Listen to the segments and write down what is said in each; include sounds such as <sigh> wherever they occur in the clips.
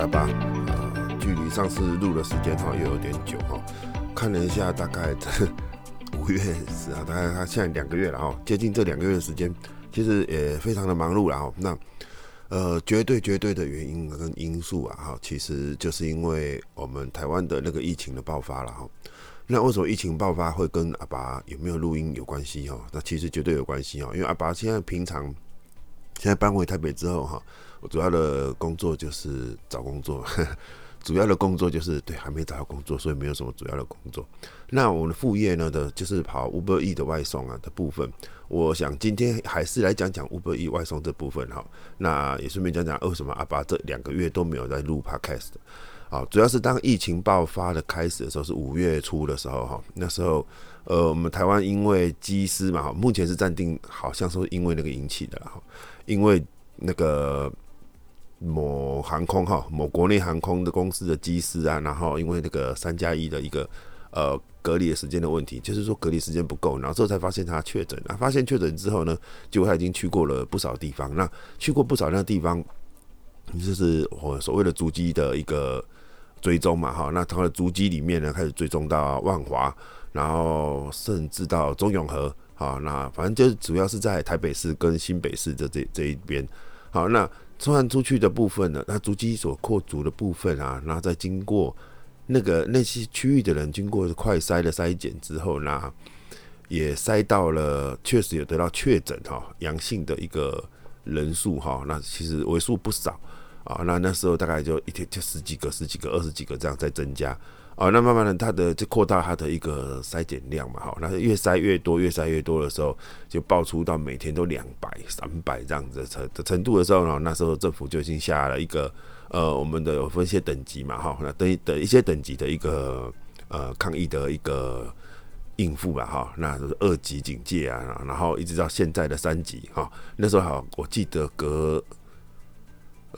阿拔、呃，距離上次錄的時間哈、哦，又有點久哈、哦。看了一下，大概五月十啊，大概他現在兩個月了哈、哦，接近這兩個月的時間，其實也非常的忙碌了哈、哦。那，呃，絕對絕對的原因跟因素啊，哈、哦，其實就是因為我們台灣的那個疫情的爆發了哈、哦。那為什麼疫情爆發會跟阿拔有沒有錄音有關係哈、哦？那其實絕對有關係哦，因為阿拔現在平常現在搬回台北之後哈。哦主要的工作就是找工作， <laughs> 主要的工作就是對，還沒找到工作，所以沒有什麼主要的工作。那我們的副業呢？的，就是跑 Uber E 的外送啊的部分。我想今天還是來講講 Uber E 外送這部分哈。那也順便講講為什麼阿拔這兩個月都沒有在錄 Podcast。好，主要是當疫情爆發的開始的時候，是五月初的時候哈。那時候，呃，我們台灣因為機師嘛，目前是暫定，好像是因為那個引起的哈，因為那個。某航空哈，某國內航空的公司的機師啊，然後因為那個三加一的一個呃隔離的時間的問題，就是說隔離時間不夠，然後之後才發現他確診啊，發現確診之後呢，結果他已經去過了不少地方，那去過不少那個地方，就是我所謂的足跡的一個追蹤嘛哈，那他的足跡裡面呢開始追蹤到萬華，然後甚至到中永和，好，那反正就是主要是在台北市跟新北市這這這一邊，好那。傳染出去的部分呢？那足跡所擴足的部分啊，那再經過那個那些區域的人經過快篩的篩檢之後呢，那也篩到了，確實有得到確診哈，陽性的一個人數哈、喔，那其實為數不少啊。那那時候大概就一天就十幾個、十幾個、二十幾個這樣在增加。哦，那慢慢的，他的、它的就擴大它的一個篩檢量嘛，哈，那是越篩越多，越篩越多的時候，就爆出到每天都兩百、三百這樣子程程度的時候呢，那時候政府就已經下了一個呃，我們的有分些等級嘛，哈，那等等一些等級的一個呃抗疫的一個應付吧，哈，那就是二級警戒啊，然後一直到現在的三級，哈，那時候好，我記得隔。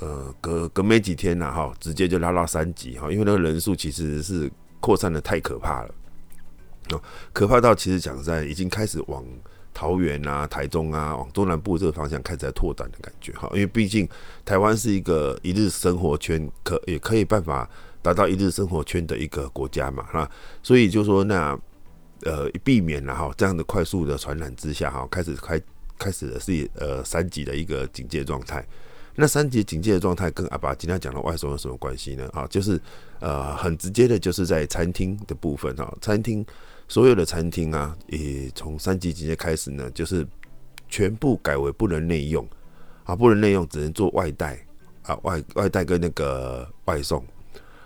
呃，隔隔沒幾天了、啊、哈，直接就拉到三級哈，因為那個人數其實是擴散得太可怕了，可怕到其實講在已經開始往桃園啊、台中啊、往中南部這個方向開始在拓展的感覺哈，因為畢竟台灣是一個一日生活圈可，可也可以辦法達到一日生活圈的一個國家嘛，哈，所以就說那呃，避免了、啊、哈這樣的快速的傳染之下哈，開始開開始的是呃三級的一個警戒狀態。那三級警戒的狀態跟阿拔今天講的外送有什麼關係呢？啊，就是呃，很直接的，就是在餐廳的部分啊，餐廳所有的餐廳啊，也從三級警戒開始呢，就是全部改為不能內用，啊，不能內用，只能做外帶啊，外外帶跟那個外送。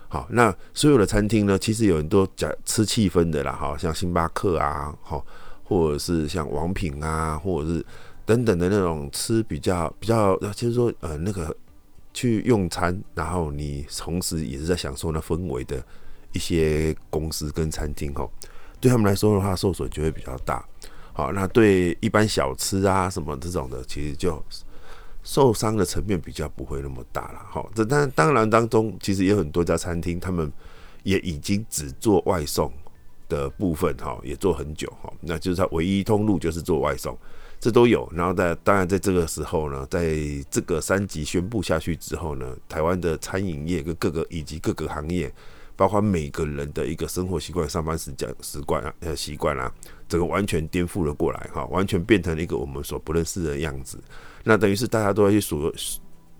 好，那所有的餐廳呢，其實有很多講吃氣氛的啦，哈，像星巴克啊，哈，或者是像王品啊，或者是。等等的那種吃比較比較，就是說，呃那個去用餐，然後你同時也是在享受那氛圍的一些公司跟餐廳吼，對他們來說的話，受損就會比較大。好，那對一般小吃啊什麼這種的，其實就受傷的層面比較不會那麼大了。好，這但當然當中其實也有很多家餐廳，他們也已經只做外送的部分，哈，也做很久，哈，那就是它唯一通路就是做外送。這都有，然後在當然在這個時候呢，在這個三級宣布下去之後呢，台灣的餐飲業跟各個以及各個行業，包括每個人的一個生活習慣、上班時間，習慣、呃習慣啊，這個完全顛覆了過來哈，完全變成了一個我們所不認識的樣子。那等於是大家都要去所，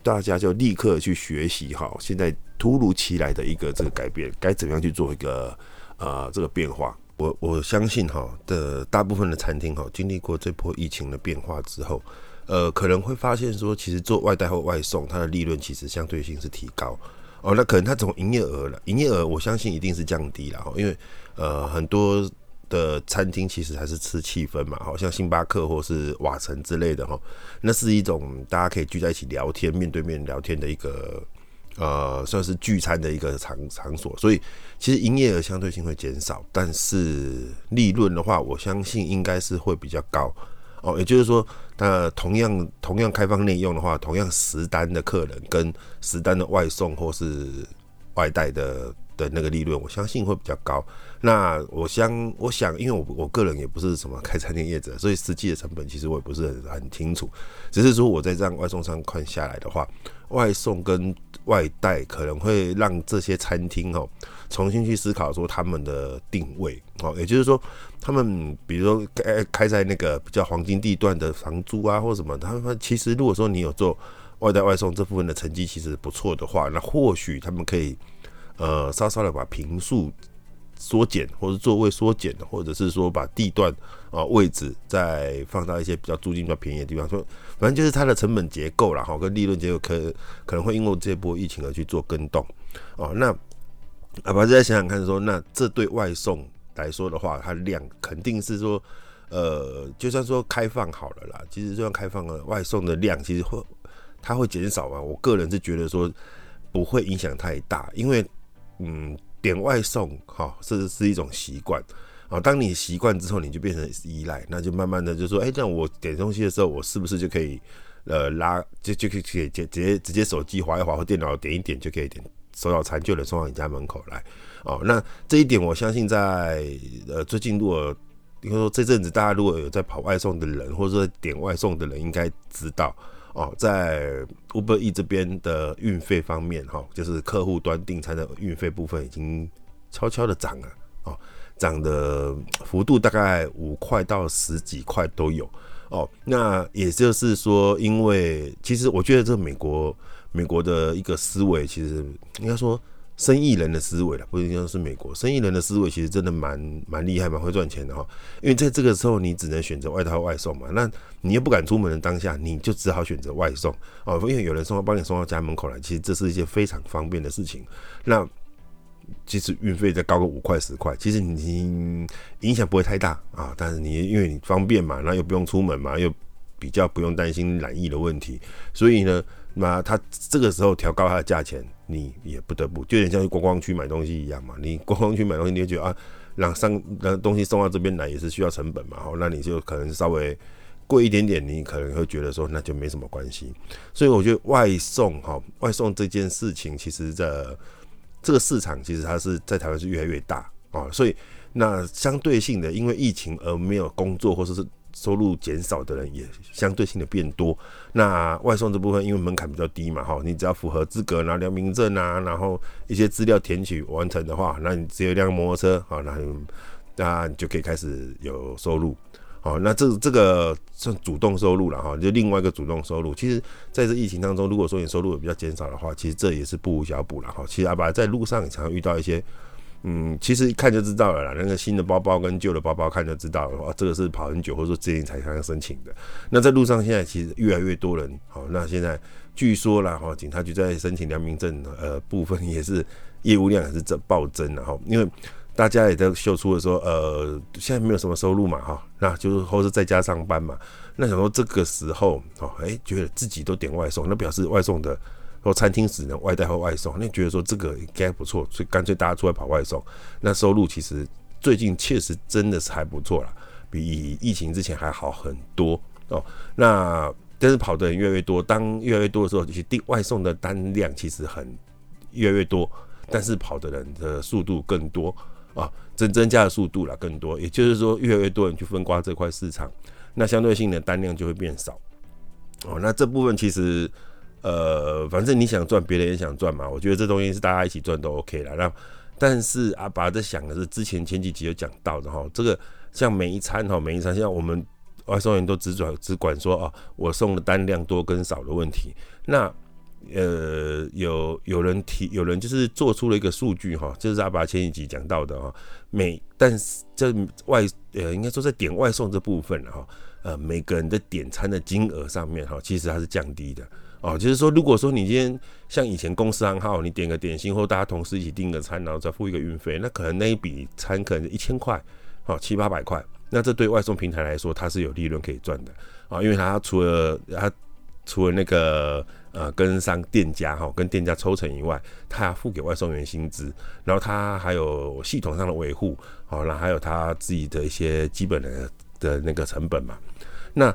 大家就立刻去學習哈，現在突如其來的一個這個改變，該怎麼樣去做一個呃這個變化。我我相信哈的大部分的餐廳哈，經歷過這波疫情的變化之後，呃，可能會發現說，其實做外帶或外送，它的利潤其實相對性是提高哦。那可能它從營業額了，營業額我相信一定是降低了哈，因為呃，很多的餐廳其實還是吃氣氛嘛，好像星巴克或是瓦城之類的哈，那是一種大家可以聚在一起聊天、面對面聊天的一個。呃，算是聚餐的一個場場所，所以其實營業額相對性會減少，但是利潤的話，我相信應該是會比較高哦。也就是說，那同樣同樣開放內用的話，同樣十單的客人跟十單的外送或是外帶的的那個利潤，我相信會比較高。那我相我想，因為我我個人也不是什麼開餐廳業者，所以實際的成本其實我也不是很很清楚。只是說，我在這樣外送上看下來的話。外送跟外帶可能會讓這些餐廳哦重新去思考說他們的定位哦，也就是說，他們比如說開開在那個比較黃金地段的房租啊或什麼，他們其實如果說你有做外帶外送這部分的成績其實不錯的話，那或許他們可以呃稍稍的把坪數縮減，或者座位縮減，或者是說把地段啊位置再放到一些比較租金比較便宜的地方說。反正就是它的成本結構啦，哈，跟利潤結構可可能會因為這波疫情而去做更動哦。那啊，我還是在想想看說，說那這對外送來說的話，它量肯定是說，呃，就算說開放好了啦，其實就算開放了，外送的量其實會它會減少嘛。我個人是覺得說不會影響太大，因為嗯，點外送哈、哦，這是一種習慣。哦，當你習慣之後，你就變成依賴，那就慢慢的就說，哎、欸，那我點東西的時候，我是不是就可以，呃，拉就就可可以直接直接手機劃一劃或電腦點一點就可以點，收到餐就能送到你家門口來。哦，那這一點我相信在呃最近如果，比如說這陣子大家如果有在跑外送的人或者說點外送的人應該知道，哦，在 Uber E 這邊的運費方面哈、哦，就是客戶端訂餐的運費部分已經悄悄的漲了。漲的幅度大概五塊到十幾塊都有哦，那也就是說，因為其實我覺得這美國美國的一個思維，其實應該說生意人的思維了，不一定是美國生意人的思維，其實真的蠻蠻厲害，蠻會賺錢的哈、哦。因為在這個時候，你只能選擇外套外送嘛，那你又不敢出門的當下，你就只好選擇外送哦，因為有人送，幫你送到家門口來，其實這是一件非常方便的事情。那。其實運費再高個五塊十塊，其實你、嗯、影響不會太大啊。但是你因為你方便嘛，那又不用出門嘛，又比較不用擔心染疫的問題，所以呢，那他這個時候調高他的價錢，你也不得不，就有點像去觀光區買東西一樣嘛。你觀光區買東西，你就覺得啊，讓上讓東西送到這邊來也是需要成本嘛。哦，那你就可能稍微貴一點點，你可能會覺得說那就沒什麼關係。所以我覺得外送哈，外送這件事情其實在。這個市場其實它是在台灣是越來越大啊，所以那相對性的，因為疫情而沒有工作或者是收入減少的人也相對性的變多。那外送這部分因為門檻比較低嘛，哈，你只要符合資格，然後良民證啊，然後一些資料填取完成的話，那你只有一輛摩托車啊，那那你就可以開始有收入。好、哦，那這這個算主動收入了哈，就另外一個主動收入。其實，在這疫情當中，如果說你收入比較減少的話，其實這也是不無小補了哈。其實阿拔在路上常常遇到一些，嗯，其實一看就知道了啦。那個新的包包跟舊的包包看就知道了，哦，這個是跑很久或者說之前才剛剛申請的。那在路上現在其實越來越多人，好、哦，那現在據說了哈，警察局在申請良民證的，呃，部分也是業務量也是在暴增然後因為。大家也在秀出的說，呃，現在沒有什麼收入嘛，哈、哦，那就是或是在家上班嘛。那想說這個時候，哦，哎、欸，覺得自己都點外送，那表示外送的，說餐廳只能外帶或外送，那覺得說這個應該不錯，所以乾脆大家出來跑外送。那收入其實最近確實真的是還不錯啦，比疫情之前還好很多哦。那但是跑的人越來越多，當越來越多的時候，其實訂外送的單量其實很越來越多，但是跑的人的速度更多。啊、哦，增增加的速度啦更多，也就是說，越來越多人去分瓜這塊市場，那相對性的單量就會變少。哦，那這部分其實，呃，反正你想賺，別人也想賺嘛，我覺得這東西是大家一起賺都 OK 啦。那但是阿拔在想的是，之前前幾集有講到的哈、哦，這個像每一餐哈、哦，每一餐像我們外送員都只轉只管說哦，我送的單量多跟少的問題，那。呃，有有人提，有人就是做出了一個數據哈、哦，就是阿拔前一集講到的哈、哦，每但是這外呃，應該說在點外送這部分了哈、哦，呃，每個人的點餐的金額上面哈、哦，其實它是降低的哦。就是說，如果說你今天像以前公司行號，你點個點心，或大家同事一起訂個餐，然後再付一個運費，那可能那一筆餐可能一千塊，好、哦、七八百塊，那這對外送平台來說，它是有利潤可以賺的啊、哦，因為它除了它除了那個。呃，跟上店家哈、哦，跟店家抽成以外，他要付給外送員薪資，然後他還有系統上的維護，好、哦、了，還有他自己的一些基本的的那個成本嘛。那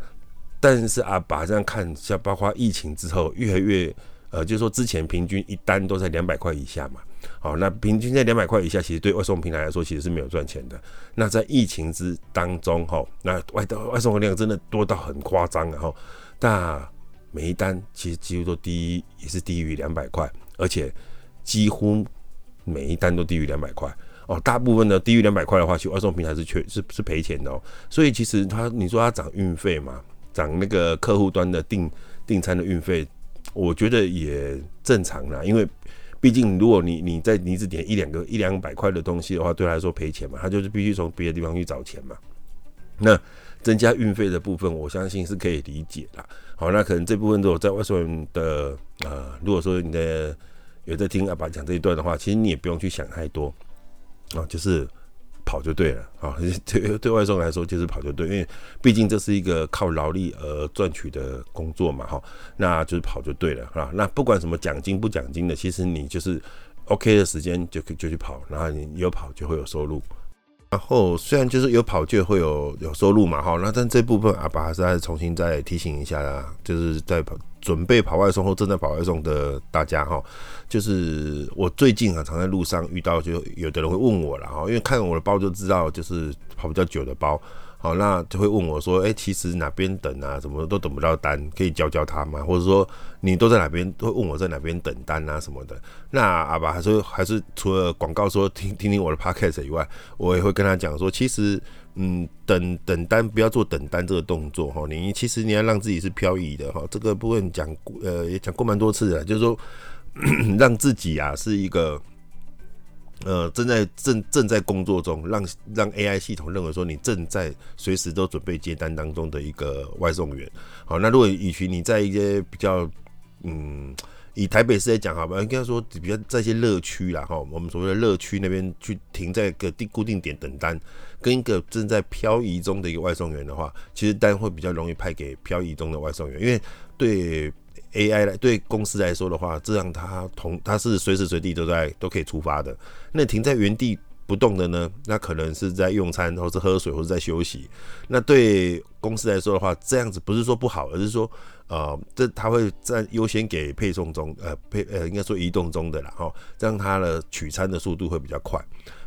但是啊，把這樣看一下，包括疫情之後，越來越，呃，就是、說之前平均一單都在兩百塊以下嘛。好、哦，那平均在兩百塊以下，其實對外送平台來說，其實是沒有賺錢的。那在疫情之當中，哈、哦，那外外外送的量真的多到很誇張啊，哈、哦，大、啊。每一單其實幾乎都低於，也是低於兩百塊，而且幾乎每一單都低於兩百塊哦。大部分的低於兩百塊的話，其實外送平台是缺是是賠錢的哦。所以其實它你說它漲運費嘛，漲那個客戶端的訂訂餐的運費，我覺得也正常啦。因為畢竟如果你你在你只點一兩個一兩百塊的東西的話，對他來說賠錢嘛，他就是必須從別的地方去找錢嘛。那增加運費的部分，我相信是可以理解啦。好，那可能這部分的，在外送的，呃，如果說你的有在聽阿拔講這一段的話，其實你也不用去想太多，啊、哦，就是跑就對了，啊、哦，對，對外送來說就是跑就對，因為畢竟這是一個靠勞力而賺取的工作嘛，哈、哦，那就是跑就對了，啊、哦，那不管什麼獎金不獎金的，其實你就是 OK 的時間就就去跑，然後你有跑就會有收入。然後雖然就是有跑就會有有收入嘛，哈，那但這部分阿拔還是重新再提醒一下啦，就是在準備跑外送或正在跑外送的大家哈，就是我最近啊常在路上遇到，就有的人會問我啦哈，因為看我的包就知道，就是跑比較久的包。好，那就會問我說：“哎、欸，其實哪邊等啊？怎麼都等不到單，可以教教他嗎？或者說你都在哪邊？會問我在哪邊等單啊什麼的？那阿拔、啊、還是還是除了廣告說聽聽聽我的 podcast 以外，我也會跟他講說，其實嗯，等等單不要做等單這個動作哈。你其實你要讓自己是漂移的哈。這個部分講呃也講過蠻多次的，就是說咳咳讓自己啊是一個。呃，正在正正在工作中，讓讓 AI 系統認為說你正在隨時都準備接單當中的一個外送員。好，那如果以舉你在一些比較，嗯，以台北市來講，好吧，應該說比較在一些樂區啦，哈，我們所謂的樂區那邊去停在一個定固定點等單，跟一個正在漂移中的一個外送員的話，其實單會比較容易派給漂移中的外送員，因為對。AI 來對公司來說的話，這樣它同它是隨時隨地都在、都可以出發的。那停在原地不動的呢？那可能是在用餐，或是喝水，或是在休息。那對公司來說的話，這樣子不是說不好，而是說呃，這它會占優先給配送中呃，配呃，應該說移動中的啦哦，這樣它的取餐的速度會比較快。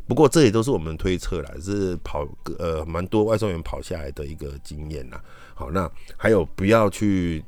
不過這也都是我們推測了，是跑呃蠻多外送員跑下來的一個經驗啦。好，那還有不要去。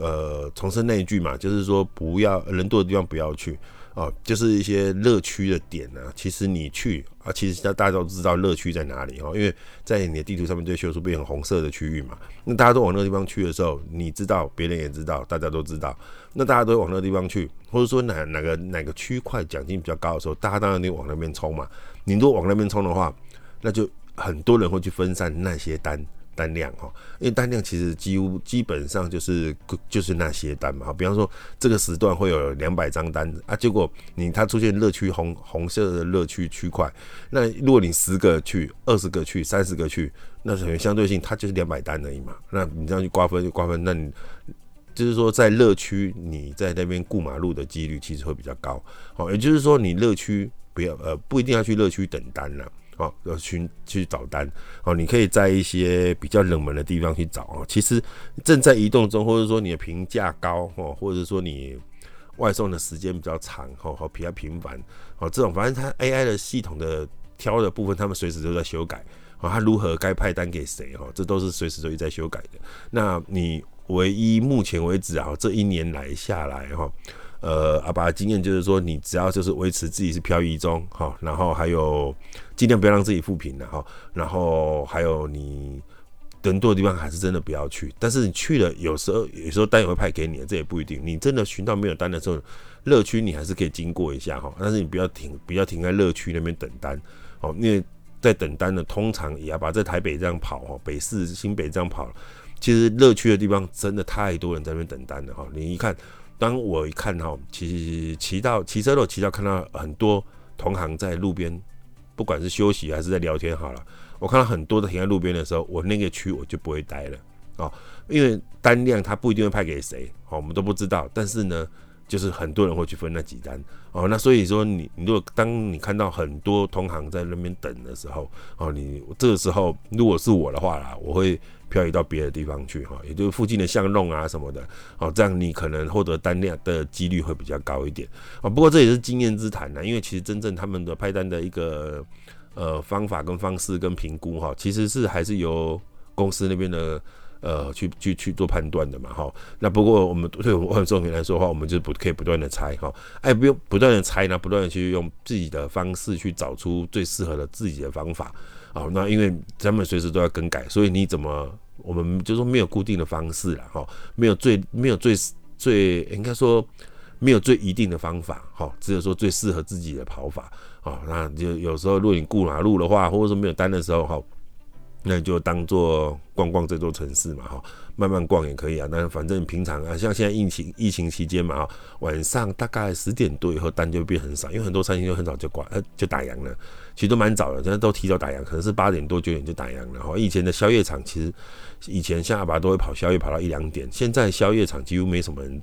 呃，重申那一句嘛，就是說不要人多的地方不要去哦，就是一些熱區的點呢、啊。其實你去啊，其實大大家都知道熱區在哪裡哦，因為在你的地圖上面，對，秀出變成紅色的區域嘛。那大家都往那個地方去的時候，你知道，別人也知道，大家都知道。那大家都往那個地方去，或者說哪哪個哪個區塊獎金比較高的時候，大家當然你往那邊衝嘛。你如果往那邊衝的話，那就很多人會去分散那些單。單量哈，因為單量其實幾乎基本上就是就是那些單嘛，比方說這個時段會有兩百張單子啊，結果你它出現熱區紅紅色的熱區區塊，那如果你十個去、二十個去、三十個去，那是有相對性，它就是兩百單而已嘛。那你這樣去瓜分就瓜分，那你就是說在熱區你在那邊過馬路的幾率其實會比較高哦。也就是說你熱區不要呃不一定要去熱區等單了啊。啊，要去去找單，哦，你可以在一些比較冷門的地方去找哦，其實正在移動中，或者說你的評價高，哦，或者說你外送的時間比較長，哦，和比較頻繁，哦，這種反正它 AI 的系統的挑的部分，他們隨時都在修改，哦，它如何該派單給誰，哦，這都是隨時都在修改的。那你唯一目前為止啊，這一年來下來，哈。呃，阿拔的經驗就是說，你只要就是維持自己是漂移中哈，然後還有盡量不要讓自己復平了，哈，然後還有你人多的地方還是真的不要去，但是你去了，有時候有時候單也會派給你，這也不一定。你真的尋到沒有單的時候，熱區你還是可以經過一下哈，但是你不要停，不要停在熱區那邊等單，哦，因為在等單的通常也阿拔在台北這樣跑哦，北市新北這樣跑，其實熱區的地方真的太多人在那邊等單了哈，你一看。當我一看、哦、到其實騎到騎車路騎到看到很多同行在路邊，不管是休息還是在聊天，好了，我看到很多都停在路邊的時候，我那個區我就不會待了啊、哦，因為單量它不一定會派給誰啊、哦，我們都不知道，但是呢。就是很多人會去分那幾單哦，那所以說你，你如果當你看到很多同行在那邊等的時候哦，你這個時候如果是我的話啦，我會漂移到別的地方去哈，也就是附近的巷弄啊什麼的，哦，這樣你可能獲得單量的幾率會比較高一點啊。哦，不過這也是經驗之談呢，因為其實真正他們的派單的一個呃方法跟方式跟評估哈，其實是還是由公司那邊的。呃，去去去做判斷的嘛，哈。那不過我們對我們觀眾朋友來說的話，我們就不可以不斷的猜，哈。哎，不用不斷的猜呢，不斷的去用自己的方式去找出最適合的自己的方法，啊。那因為咱們隨時都要更改，所以你怎麼，我們就說沒有固定的方式了，哈。沒有最，沒有最最，應該說沒有最一定的方法，哈。只有說最適合自己的跑法，啊。那就有時候，如果你過馬路的話，或者說沒有單的時候，哈。那就當做逛逛這座城市嘛，哈，慢慢逛也可以啊。那反正平常啊，像現在疫情疫情期間嘛，哈，晚上大概十點多以後，單就變很少，因為很多餐廳都很早就關，呃，就打烊了。其實都蠻早的，現在都提早打烊，可能是八點多九點就打烊了。哈，以前的宵夜場其實，以前像阿拔都會跑宵夜，跑到一兩點。現在宵夜場幾乎沒什麼人。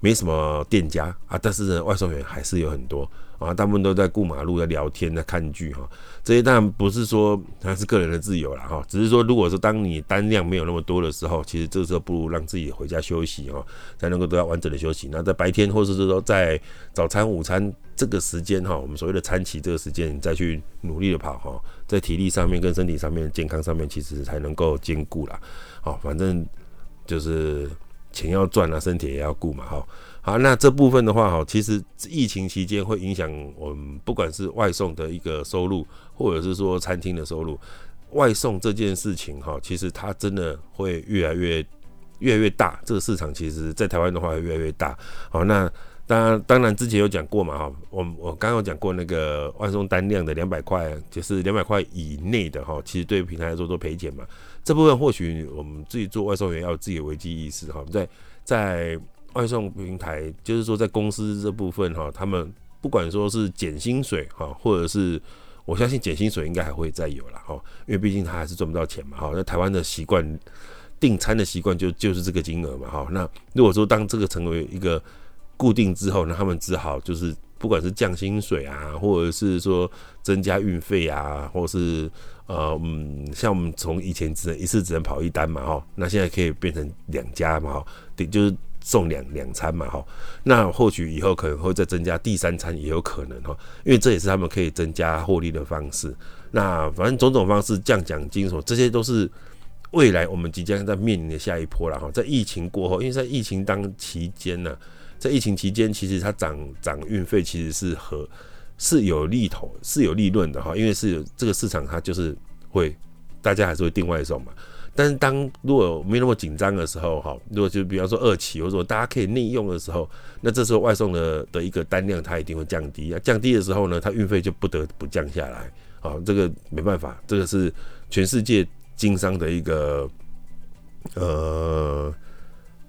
沒什麼店家啊，但是呢，外送員還是有很多啊，大部分都在顧馬路、在聊天、在看劇哈、哦。這些當然不是說他是個人的自由了哈、哦，只是說如果說當你單量沒有那麼多的時候，其實這個時候不如讓自己回家休息哈、哦，才能夠得到完整的休息。那在白天或者是說在早餐、午餐這個時間哈、哦，我們所謂的餐期這個時間你再去努力的跑哈、哦，在體力上面、跟身體上面、健康上面，其實才能夠兼顧了。哦，反正就是。錢要賺啊，身體也要顧嘛，哈。好，那這部分的話，哈，其實疫情期間會影響我們，不管是外送的一個收入，或者是說餐廳的收入。外送這件事情，哈，其實它真的會越來越越來越大。這個市場其實，在台灣的話，會越來越大。好，那。當然，當然，之前有講過嘛，哈，我我剛剛有講過那個外送單量的兩百塊，就是兩百塊以內的哈，其實對於平台來說都賠錢嘛。這部分或許我們自己做外送員要有自己的危機意識，哈，在在外送平台，就是說在公司這部分哈，他們不管說是減薪水哈，或者是我相信減薪水應該還會再有啦哈，因為畢竟他還是賺不到錢嘛，哈。那台灣的習慣訂餐的習慣就就是這個金額嘛，哈。那如果說當這個成為一個固定之後呢，那他們只好就是不管是降薪水啊，或者是說增加運費啊，或是呃嗯，像我們從以前只能一次只能跑一單嘛哈，那現在可以變成兩家嘛哈，也就是送兩兩餐嘛哈，那或許以後可能會再增加第三餐也有可能哈，因為這也是他們可以增加獲利的方式。那反正種種方式降獎金所這些都是未來我們即將在面臨的下一波了哈，在疫情過後，因為在疫情當期間呢、啊。在疫情期間，其實它漲漲運費其實是和是有利頭、是有利潤的哈，因為是這個市場它就是會大家還是會訂外送嘛。但是當如果沒那麼緊張的時候哈，如果就比方說二期或者說大家可以內用的時候，那這時候外送的的一個單量它一定會降低啊，降低的時候呢，它運費就不得不降下來啊。這個沒辦法，這個是全世界經商的一個呃，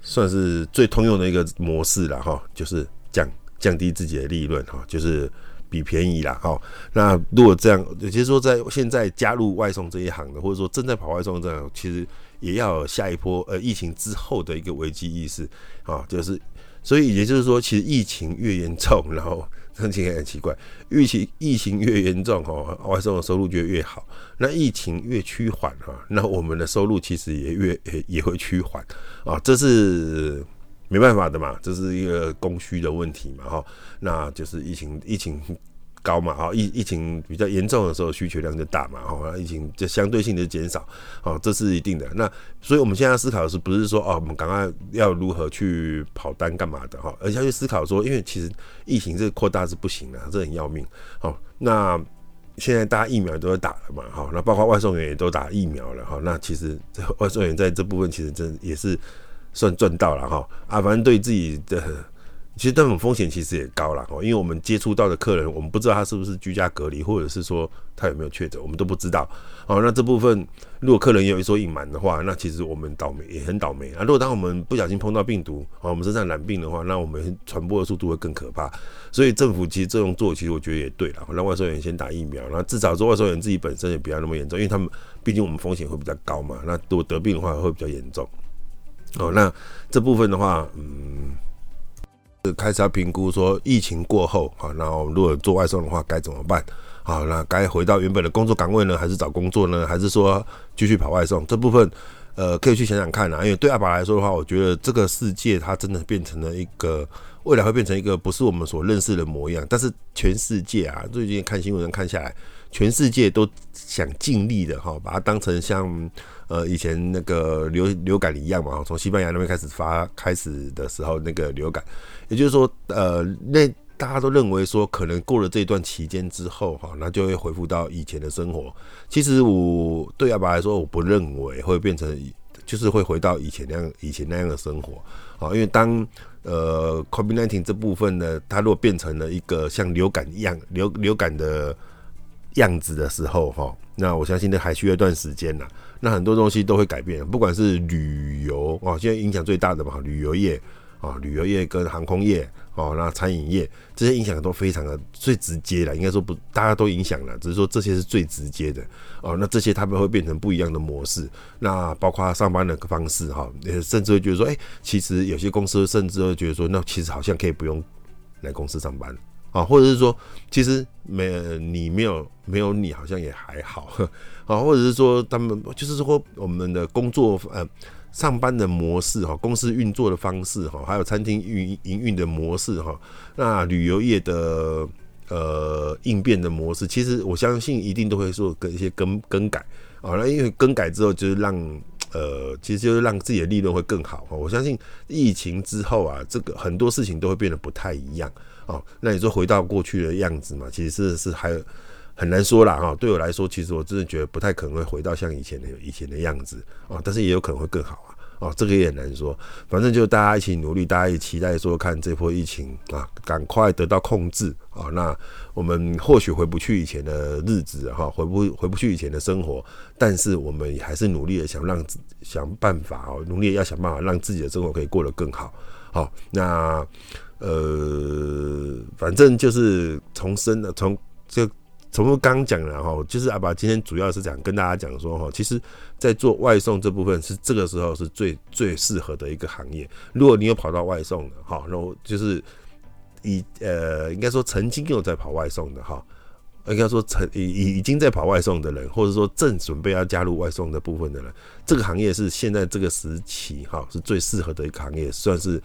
算是最通用的一個模式了哈，就是降降低自己的利潤哈，就是比便宜了哈。那如果這樣，也就是說在現在加入外送這一行的，或者說正在跑外送這樣，其實也要下一波呃疫情之後的一個危機意識啊，就是所以也就是說，其實疫情越嚴重，然後。很奇怪，疫情疫情越嚴重哦，外送的收入就越好。那疫情越趨緩啊，那我們的收入其實也越也會趨緩啊。這是沒辦法的嘛，這是一個供需的問題嘛哈。那就是疫情疫情。高嘛，哦疫疫情比較嚴重的時候需求量就大嘛，哈疫情就相對性的減少，哦這是一定的。那所以我們現在思考的是不是說哦我們趕快要如何去跑單幹嘛的哈，而且要去思考說，因為其實疫情這個擴大是不行的，啊，這很要命。好，那現在大家疫苗都在打了嘛，哈那包括外送員也都打疫苗了哈。那其實外送員在這部分其實真也是算賺到了哈。啊，反正對自己的。其實這種風險其實也高了哦，因為我們接觸到的客人，我們不知道他是不是居家隔離，或者是說他有沒有確診，我們都不知道哦。那這部分如果客人有一說隱瞞的話，嗯，那其實我們倒霉也很倒霉啊。如果當我們不小心碰到病毒，哦，我們身上染病的話，那我們傳播的速度會更可怕。所以政府其實這種做，其實我覺得也對了，讓外送員先打疫苗，那至少說外送員自己本身也不要那麼嚴重，因為他們畢竟我們風險會比較高嘛。那如果得病的話會比較嚴重。哦，那這部分的話，嗯。開始要評估說疫情過後，然後如果做外送的話該怎麼辦？好，那該回到原本的工作崗位呢，還是找工作呢，還是說繼續跑外送？這部分，呃，可以去想想看啊。因為對阿拔來說的話，我覺得這個世界它真的變成了一個未來會變成一個不是我們所認識的模樣。但是全世界啊，最近看新聞看下來，全世界都想盡力的哈，把它當成像呃以前那個流流感一樣嘛，從西班牙那邊開始發開始的時候那個流感。也就是說，呃，那大家都認為說，可能過了這一段期間之後，哈，那就會恢復到以前的生活。其實我對阿拔來說，我不認為會變成，就是會回到以前那樣以前那樣的生活，啊，因為當呃，COVID-19 這部分呢，它如果變成了一個像流感一樣流流感的樣子的時候，哈，那我相信那還需要一段時間呢、啊。那很多東西都會改變，不管是旅遊哦，現在影響最大的嘛，旅遊業。啊、呃，旅遊業跟航空業，哦，那餐飲業這些影響都非常的最直接了，應該說不，大家都影響了，只是說這些是最直接的。哦，那這些他們會變成不一樣的模式，那包括上班的方式，哈、哦，甚至會覺得說，哎、欸，其實有些公司甚至會覺得說，那其實好像可以不用來公司上班，啊、哦，或者是說，其實沒你沒有沒有你好像也還好，啊、哦，或者是說他們就是說我們的工作，嗯、呃。上班的模式哈，公司運作的方式哈，還有餐廳運營營運的模式哈，那旅遊業的呃應變的模式，其實我相信一定都會做一些更更改啊。那因為更改之後，就是讓呃，其實就是讓自己的利潤會更好哈。我相信疫情之後啊，這個很多事情都會變得不太一樣哦。那你說回到過去的樣子嘛，其實是還有。很難說了哈，對我來說，其實我真的覺得不太可能會回到像以前的以前的樣子啊，但是也有可能會更好啊，哦，這個也很難說。反正就大家一起努力，大家也期待說看這波疫情啊，趕快得到控制啊。那我們或許回不去以前的日子哈，回不回不去以前的生活，但是我們也還是努力的想讓想辦法哦，努力的要想辦法讓自己的生活可以過得更好。好，那呃，反正就是重生的從這。重複剛講了哈，就是阿拔今天主要是想跟大家講說哈，其實在做外送這部分是這個時候是最最適合的一個行業。如果你有跑到外送的哈，然後就是以、呃應該說曾經有在跑外送的哈，應該說曾已已已經在跑外送的人，或者說正準備要加入外送的部分的人，這個行業是現在這個時期哈是最適合的一個行業，算是。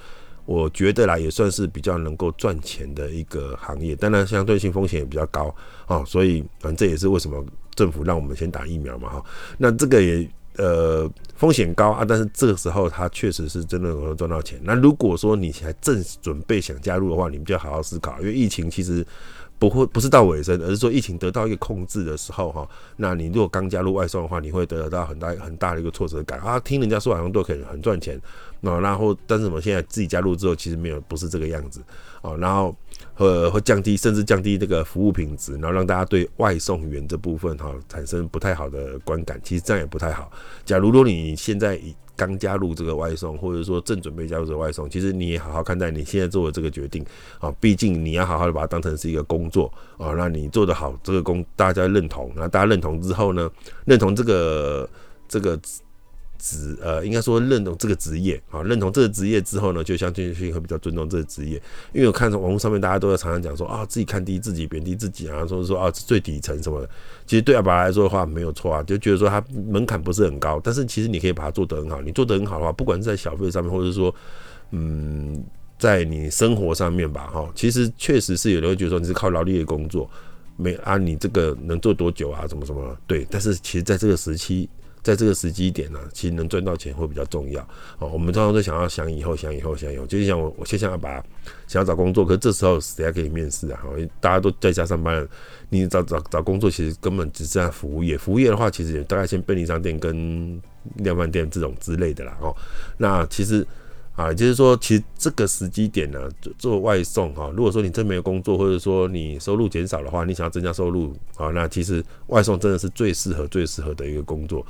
我覺得啦，也算是比較能夠賺錢的一個行業，當然相對性風險也比較高啊、哦，所以反正、嗯、這也是為什麼政府讓我們先打疫苗嘛哈、哦。那這個也呃風險高啊，但是這個時候它確實是真的能夠賺到錢。那如果說你還正準備想加入的話，你們就好好思考，因為疫情其實。不會，不是到尾聲，而是說疫情得到一個控制的時候哈，那你如果剛加入外送的話，你會得到很大很大的一個挫折感啊！聽人家說好像都可以很賺錢，那然後但是我們現在自己加入之後，其實沒有不是這個樣子啊，然後呃會降低甚至降低這個服務品質，然後讓大家對外送員這部分哈產生不太好的觀感，其實這樣也不太好。假如說你現在。剛加入這個外送，或者說正準備加入這個外送，其實你也好好看待你現在做的這個決定啊。畢竟你要好好的把它當成是一個工作啊，讓你做得好，這個工大家認同。那大家認同之後呢，認同這個這個。職呃，應該說認同這個職業啊、哦，認同這個職業之後呢，就相對會比較尊重這個職業。因為我看網絡上面大家都在常常講說啊、哦，自己看低自己低，貶低自己啊，說說啊、哦、最底層什麼的。其實對阿拔來說的話沒有錯啊，就覺得說他門檻不是很高，但是其實你可以把它做得很好。你做得很好的話，不管是在小費上面，或者說嗯，在你生活上面吧，哈、哦，其實確實是有人會覺得說你是靠勞力的工作，沒啊，你這個能做多久啊，怎麼怎麼，對。但是其實在這個時期。在這個時機點呢、啊，其實能賺到錢會比較重要哦。我們常常都想要想以後，想以後，想以後，就是想我我現在要把想要找工作，可是這時候誰還可以面試啊？大家都在家上班了，你找找找工作，其實根本只是在服務業。服務業的話，其實也大概先便利商店跟量販店這種之類的啦，哦，那其實啊，就是說，其實這個時機點呢、啊，做外送哈、哦，如果說你真沒有工作，或者說你收入減少的話，你想要增加收入啊、哦，那其實外送真的是最適合最適合的一個工作。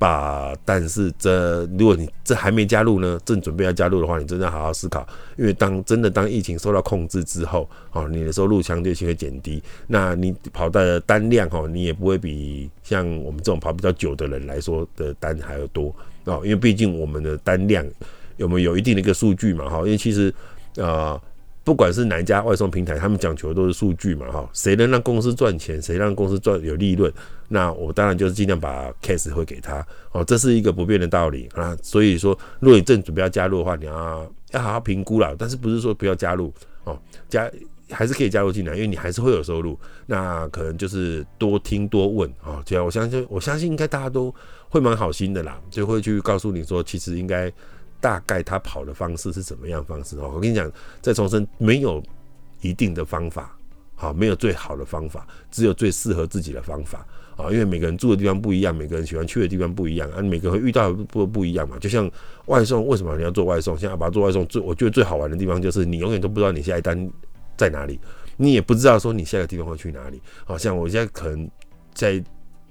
把，但是，這如果你這還沒加入呢，正準備要加入的話，你真的好好思考，因為當真的當疫情受到控制之後，哈，你的收入相對性會減低，那你跑的單量哈，你也不會比像我們這種跑比較久的人來說的單還要多啊，因為畢竟我們的單量有沒有，有一定的一個數據嘛，哈，因為其實，啊。不管是哪一家外送平台，他們講求的都是數據嘛，哈，誰能讓公司賺錢，誰讓公司賺有利潤，那我當然就是盡量把 case 會給他，哦，這是一個不變的道理啊。所以說，如果你正準備要加入的話，你要要好好評估啦。但是不是說不要加入哦，加還是可以加入進來，因為你還是會有收入。那可能就是多聽多問啊，只要我相信，我相信應該大家都會蠻好心的啦，就會去告訴你說，其實應該。大概他跑的方式是怎麼樣的方式哦？我跟你講，再重申，沒有一定的方法，好，沒有最好的方法，只有最適合自己的方法啊！因為每個人住的地方不一樣，每個人喜歡去的地方不一樣啊，每個人會遇到的不不、不、不一樣嘛。就像外送，為什麼你要做外送？像阿拔、啊、做外送，最我覺得最好玩的地方就是你永遠都不知道你下一單在哪裡，你也不知道說你下一個地方會去哪裡。好像我現在可能在。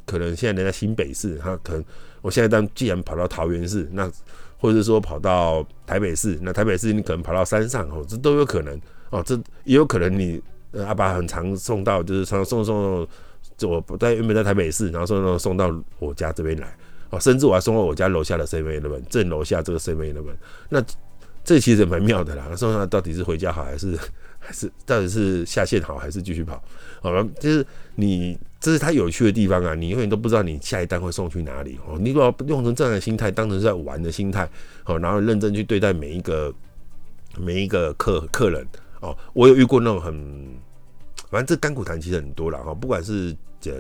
可能現在人在新北市，哈，可能我現在當既然跑到桃園市，那或者說跑到台北市，那台北市你可能跑到山上哦，這都有可能哦，這也有可能你阿、啊、拔很常送到，就是常送送，我在原本在台北市，然後送送送到我家這邊來哦，甚至我還送到我家樓下的森林公園正樓下這個森林公園，那這其實也蠻妙的啦。那送到到底是回家好還是？是到底是下線好還是繼續跑？好，就是你這是他有趣的地方啊！你永遠都不知道你下一單會送去哪裡哦。你把用成這樣的心態，當成是在玩的心態，好，然後認真去對待每一個每一個客客人哦。我有遇過那種很，反正這甘苦談其實很多了哈。不管是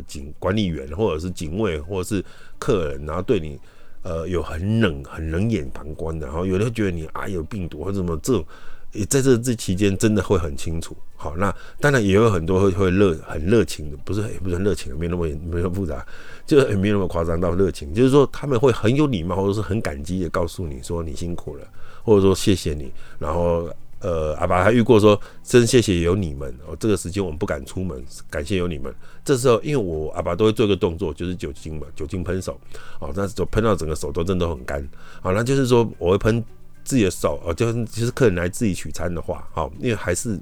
警管理員或者是警衛或者是客人，然後對你呃有很冷很冷眼旁觀的哈。然後有的會覺得你啊有病毒或者什麼這種。也在這這期間，真的會很清楚。好，那當然也有很多會會熱很熱情的，不是也不是熱情，沒那麼沒那麼複雜，就也沒那麼誇張到熱情。就是說他們會很有禮貌，或者是很感激的告訴你說你辛苦了，或者說謝謝你。然後呃，阿拔還遇過說真謝謝有你們哦，這個時間我們不敢出門，感謝有你們。這時候因為我阿拔都會做一個動作，就是酒精嘛，酒精噴手哦，那時候噴到整個手都真的都很乾。好、哦，那就是說我會噴。自己的手哦，就是其實客人來自己取餐的話，好，因為還是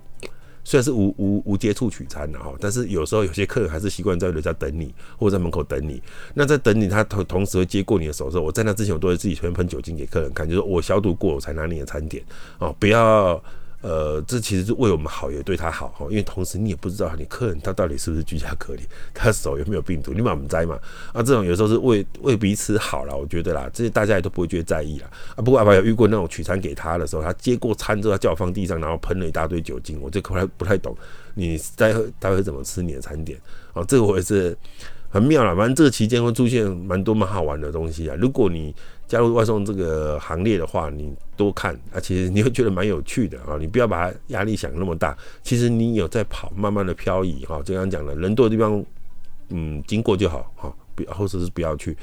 雖然是無無無接觸取餐的哈，但是有時候有些客人還是習慣在樓下等你，或者在門口等你。那在等你，他同同時會接過你的手的時候，我在那之前我都會自己先噴酒精給客人看，就是我消毒過，我才拿你的餐點哦，不要。呃，這其實是為我們好，也對他好哈。因為同時你也不知道你客人他到底是不是居家隔離，他手有沒有病毒，你把我們摘嘛。啊，這種有時候是為為彼此好了，我覺得啦，這些大家也都不會覺得在意啦。啊，不過阿爸有遇過那種取餐給他的時候，他接過餐之後，他叫我放地上，然後噴了一大堆酒精，我這可不太不太懂你，你待待會怎麼吃你的餐點？啊、哦，這個我也是。很妙了，反正這個期間會出現蠻多蠻好玩的東西啊！如果你加入外送這個行列的話，你多看啊，其實你會覺得蠻有趣的啊、哦！你不要把它壓力想那麼大，其實你有在跑，慢慢的漂移啊、哦。就剛剛講的，人多的地方，嗯，經過就好哈，不要、哦、或者是不要去，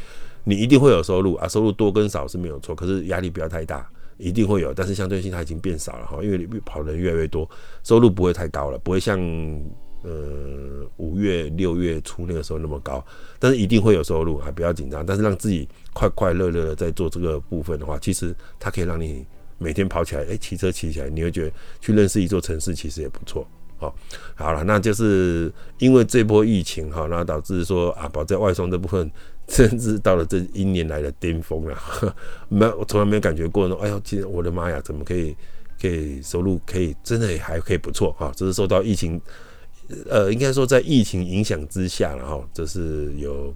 你一定會有收入啊，收入多跟少是沒有錯，可是壓力不要太大，一定會有，但是相對性它已經變少了哈、哦，因為你跑的人越來越多，收入不會太高了，不會像。呃、嗯，五月六月初那個時候那麼高，但是一定會有收入，還不要緊張。但是讓自己快快樂樂的在做這個部分的話，其實它可以讓你每天跑起來，誒、欸，騎車騎起來，你會覺得去認識一座城市其實也不錯。好，好了，那就是因為這波疫情哈，那導致說阿拔在外送這部分，甚至到了這一年來的巔峰了、啊。沒，我從來沒有感覺過呢。哎呦，其實我的媽呀，怎麼可以，可以收入可以真的也還可以不錯哈、啊，只是受到疫情。呃，應該說在疫情影響之下，然後這是有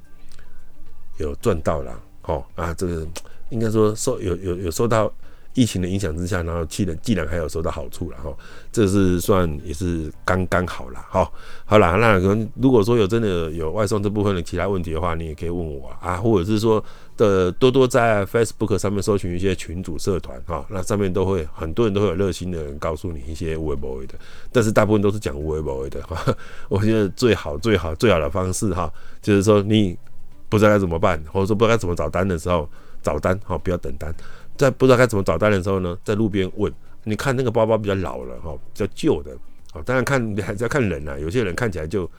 有賺到了，哦啊，這、就、個、是、應該說受有有有受到。疫情的影響之下，然後氣人。既然還有收到好處了哈，這是算也是剛剛好了哈。好啦，那可能如果說有真的有外送這部分的其他問題的話，你也可以問我啊，或者是說的多多在 Facebook 上面搜尋一些群組社團哈，那上面都會很多人都會有熱心的人告訴你一些有的沒的，但是大部分都是講有的沒的哈。我覺得最好最好最好的方式哈，就是說你不知道該怎麼辦，或者說不知道該怎麼找單的時候，找單哈，不要等單。在不知道該怎麼找單的時候呢，在路邊問，你看那個包包比較老了哈，比較舊的，好，當然看還是要看人啦、啊。有些人看起來就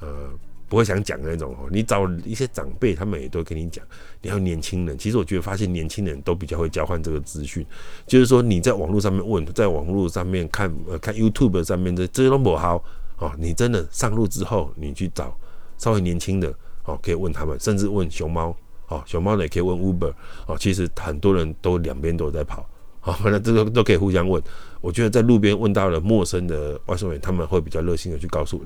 呃不會想講的那種哦。你找一些長輩，他們也都跟你講；你要年輕人，其實我覺得發現年輕人都比較會交換這個資訊，就是說你在網絡上面問，在網絡上面看，呃，看 YouTube 上面這這些都不好哦。你真的上路之後，你去找稍微年輕的哦，可以問他們，甚至問熊貓。哦，熊貓呢也可以問 Uber。哦，其實很多人都兩邊都在跑。哦，完這個都可以互相問。我覺得在路邊問到了陌生的外送員，他們會比較熱心的去告訴，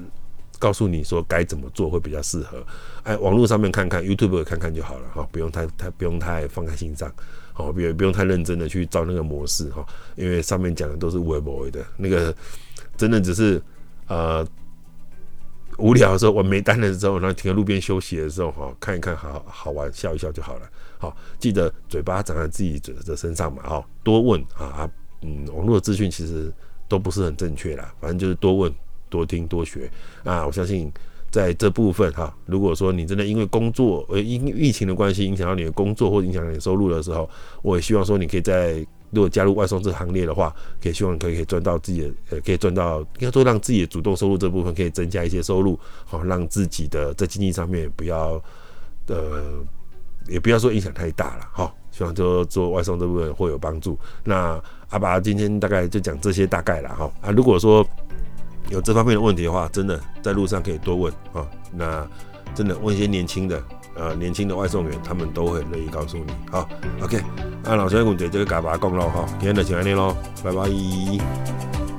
告訴你說該怎麼做會比較適合。哎，網絡上面看看 YouTube 看看就好了。哈，不用太太不用太放在心上。哦，也不用太認真的去照那個模式。哈，因為上面講的都是有的沒的那個，真的只是呃。無聊的時候，我沒單的時候，然後停在路邊休息的時候，哈，看一看，好好玩，笑一笑就好了。好，記得嘴巴長在自己嘴的身上嘛，好多問啊，嗯，網絡的資訊其實都不是很正確啦，反正就是多問、多聽、多學啊。我相信在這部分哈，啊，如果說你真的因為工作，呃，因為疫情的關係影響到你的工作或影響到你的收入的時候，我也希望說你可以在。如果加入外送這行列的話，可以希望可以賺到自己的，呃，可以賺到應該說讓自己的主動收入這部分可以增加一些收入，好、哦、讓自己的在經濟上面不要，呃，也不要說影響太大了哈、哦，希望說做外送這部分會有幫助。那阿拔今天大概就講這些大概了哈、哦。啊，如果說有這方面的問題的話，真的在路上可以多問啊、哦。那真的問一些年輕的。呃，年輕的外送員，他們都很樂意告訴你。好，嗯，OK，那老師我們就這個嘎巴講了。哈，今天的就安尼咯，拜拜。